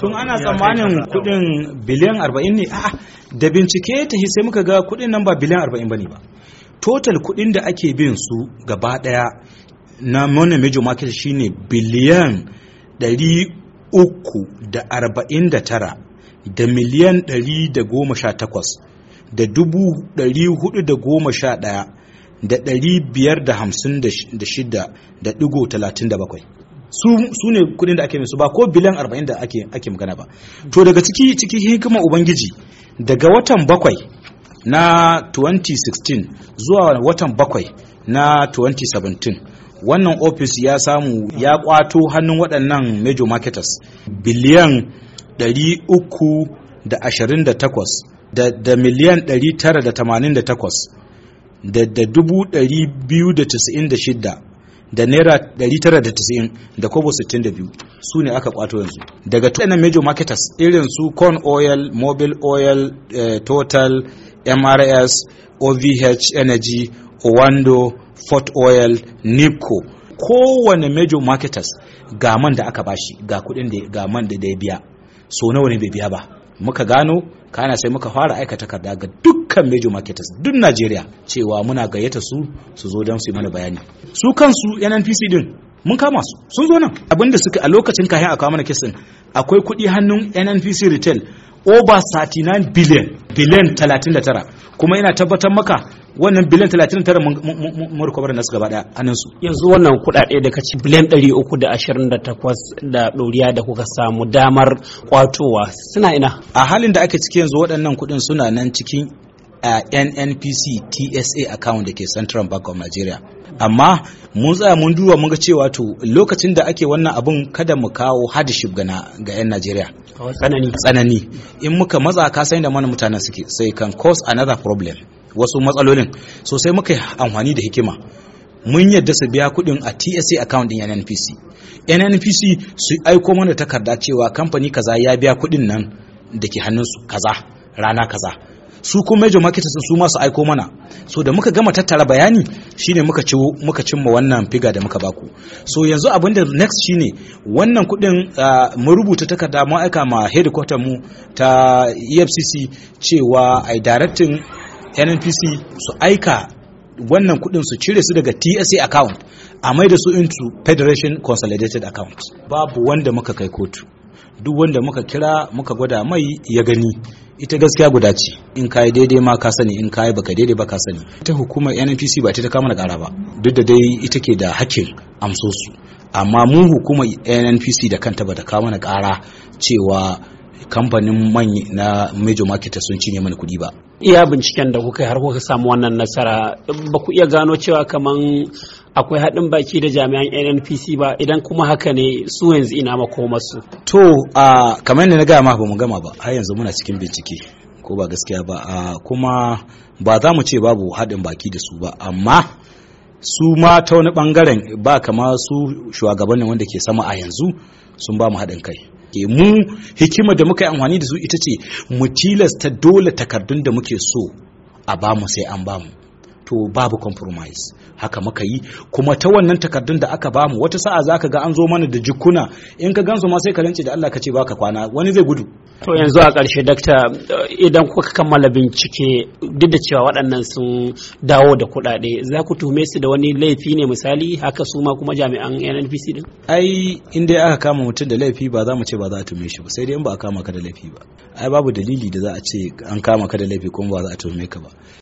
tun ana tsammanin kuɗin biliyan arba'in ne a da bincike ta sai muka ga kuɗin nan ba biliyan arba'in ba ne ba total kuɗin da ake bin su gaba daya na mona major market shine biliyan ɗari uku da arba'in da tara da miliyan ɗari da goma sha takwas da dubu ɗari hudu da goma sha ɗaya da ɗari biyar da hamsin da shida da ɗigo talatin da bakwai su ne kudin da ake mai su ba ko biliyan 40 da ake magana ba to daga ciki ciki hikima ubangiji daga watan bakwai na 2016 zuwa watan bakwai na 2017 wannan ofis ya samu ya kwato hannun waɗannan major marketers biliyan 328 da, da miliyan 988 da, da 296 da naira 990 da kobo 62 su ne aka kwato yanzu daga tunanin major marketers irin su corn oil mobile oil eh, total mrs ovh energy owando fort oil nipco kowane major marketers ga man da aka bashi ga kudin da ga man da ya biya so nawa ne bai biya ba muka gano kana sai muka fara aika takarda ga dukkan major marketers duk Najeriya cewa muna gayyata su su zo don su yi mana bayani su kansu NNPC din mun kama su sun zo nan abinda suka a lokacin kayan a kawo mana kisin akwai kuɗi hannun NNPC retail over 39 billion biliyan 39 kuma yana tabbatar maka wannan biliyan 39 mun rikobar nasu gaba daya hannun su yanzu wannan kudade da kaci biliyan 328 da doriya da kuka samu damar kwatowa suna ina a halin da ake ciki yanzu waɗannan kudin suna nan cikin a nnpc tsa account da ke central bank of nigeria amma mun tsaya mun duba mun ga cewa to lokacin da ake wannan abun kada mu kawo hardship ga 'yan najeriya tsanani tsanani in muka matsa ka san da mana mutanen suke sai kan cause another problem wasu matsalolin so sai muka amfani da hikima mun yadda su biya kudin a TSA account din NNPC NNPC su aiko mana takarda cewa kamfani kaza ya biya kudin nan da ke hannunsu kaza rana kaza su kuma major marketers su masu aiko mana so da muka gama tattara bayani shine muka ci muka cimma wannan figa da muka baku so yanzu abin da next shine wannan kudin mu rubuta takarda mu aika ma headquarter mu ta EFCC cewa ai directing NNPC su aika wannan kudin su cire su daga TSA account a maida su into Federation Consolidated account babu wanda muka kai kotu duk wanda muka kira muka gwada mai ya gani ita gaskiya guda ce in ka yi daidai ma ka sani in ka yi baka daidai ba ka sani ita hukumar nnpc ba ta kama da kara ba duk da dai ita ke da hakkin amsosu amma mu hukumar nnpc da kanta ba ta kama da kara cewa kamfanin manyan na major market sun cinye mana kuɗi ba iya binciken da kuka har kuka samu wannan nasara ba ku iya gano cewa kaman akwai haɗin baki da jami'an nnpc ba idan kuma haka ne su yanzu ina makomarsu to a kamar yadda na ma ba mu gama ba har yanzu muna cikin bincike ko ba gaskiya ba a kuma ba za mu ce babu haɗin baki da su ba amma su ma ta wani ɓangaren ba kama su shugabannin wanda ke sama a yanzu sun ba mu haɗin kai e mu hikima da muka yi amfani da su ita ce mu tilasta dole takardun da muke so a ba mu sai an bamu to babu compromise haka muka yi kuma ta wannan takardun da aka bamu wata sa'a za ka ga an zo mana da jikuna in ka gansu ma sai ka rance da Allah ka ce baka kwana wani zai gudu to yanzu a ƙarshe dakta idan kuka kammala bincike duk da cewa waɗannan sun dawo da kuɗaɗe za ku tume su da wani laifi ne misali haka su ma kuma jami'an NNPC din ai in dai aka kama mutum da laifi ba za mu ce ba za a tume shi ba sai dai in ba a kama ka da laifi ba ai babu dalili da za a ce an kama ka da laifi kuma ba za a tume ka ba